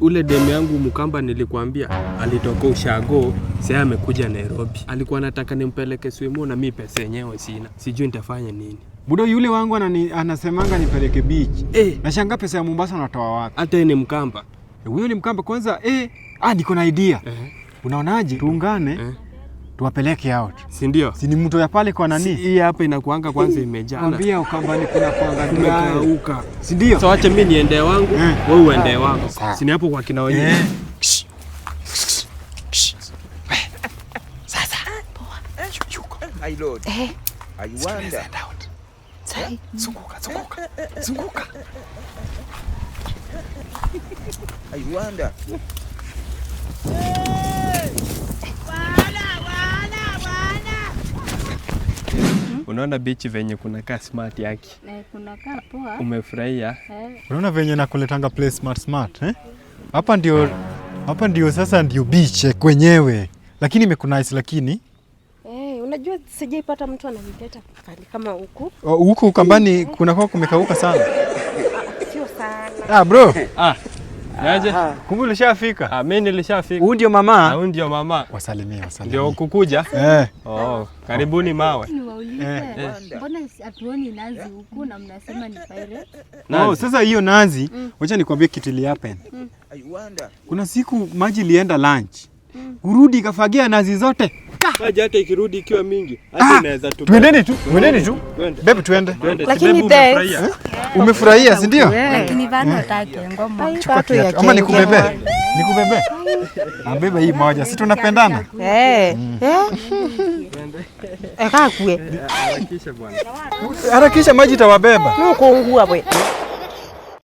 Ule demu yangu Mukamba nilikuambia alitoka ushago, sasa amekuja Nairobi. Alikuwa anataka nimpeleke swimu na mimi pesa yenyewe sina, sijui nitafanya nini. Budo yule wangu anani, anasemanga nipeleke beach eh. Nashangaa pesa ya Mombasa natoa wapi? Hata ni Mkamba huyo, ni Mkamba kwanza eh. Ah, niko na idea eh. Unaonaje tuungane eh tuwapeleke out, si ndio? Si ni mto ya pale kwa nani? Si Hii hapa inakuanga kwanza imejaa. Mwambie ukamba ni kuna kuangalia. Si ndio? So acha mimi niende wangu, eh. wewe uende wako. Ah. Si ni hapo kwa kina wenyewe. Eh. Sasa. Poa. My lord. Eh. I wonder. Sai, eh? zunguka, zunguka. Zunguka. I wonder. Unaona bichi venye kuna ka smart yake eh, kuna ka poa. Umefurahia eh? Unaona venye nakuletanga place smart smart eh? Hapa ndio hapa ndio sasa ndio beach eh, kwenyewe, lakini imekunice lakini eh, unajua sijaipata mtu ananileta kali kama huku oh, huku kambani kuna kwa kumekauka sana ah, sio sana ah bro ah Naje? Ah. Kumbe ulishafika? Ah, mimi nilishafika. Huyu ndio mama? Ah, huyu ndio mama. Wasalimie, wasalimie. Ndio kukuja? Eh. Oh, karibuni mawe. Eh, eh. Oh, sasa hiyo nazi, mm. wacha nikwambie kitu ili happen. Mm. Kuna siku maji ilienda lunch. Mm. Urudi kafagia nazi zote. Maji hata ikirudi ikiwa mingi, hata ah! inaweza tu. Twendeni tu, twendeni tu. Bebe Lakini eh? umefurahia, si ndio? Lakini bado ngoma. Ama nikubebe. Nikubebe? Nabeba hii moja. Si tunapendana? Eh. Mm. Eh. Harakisha maji tawabeba. Nuko ungua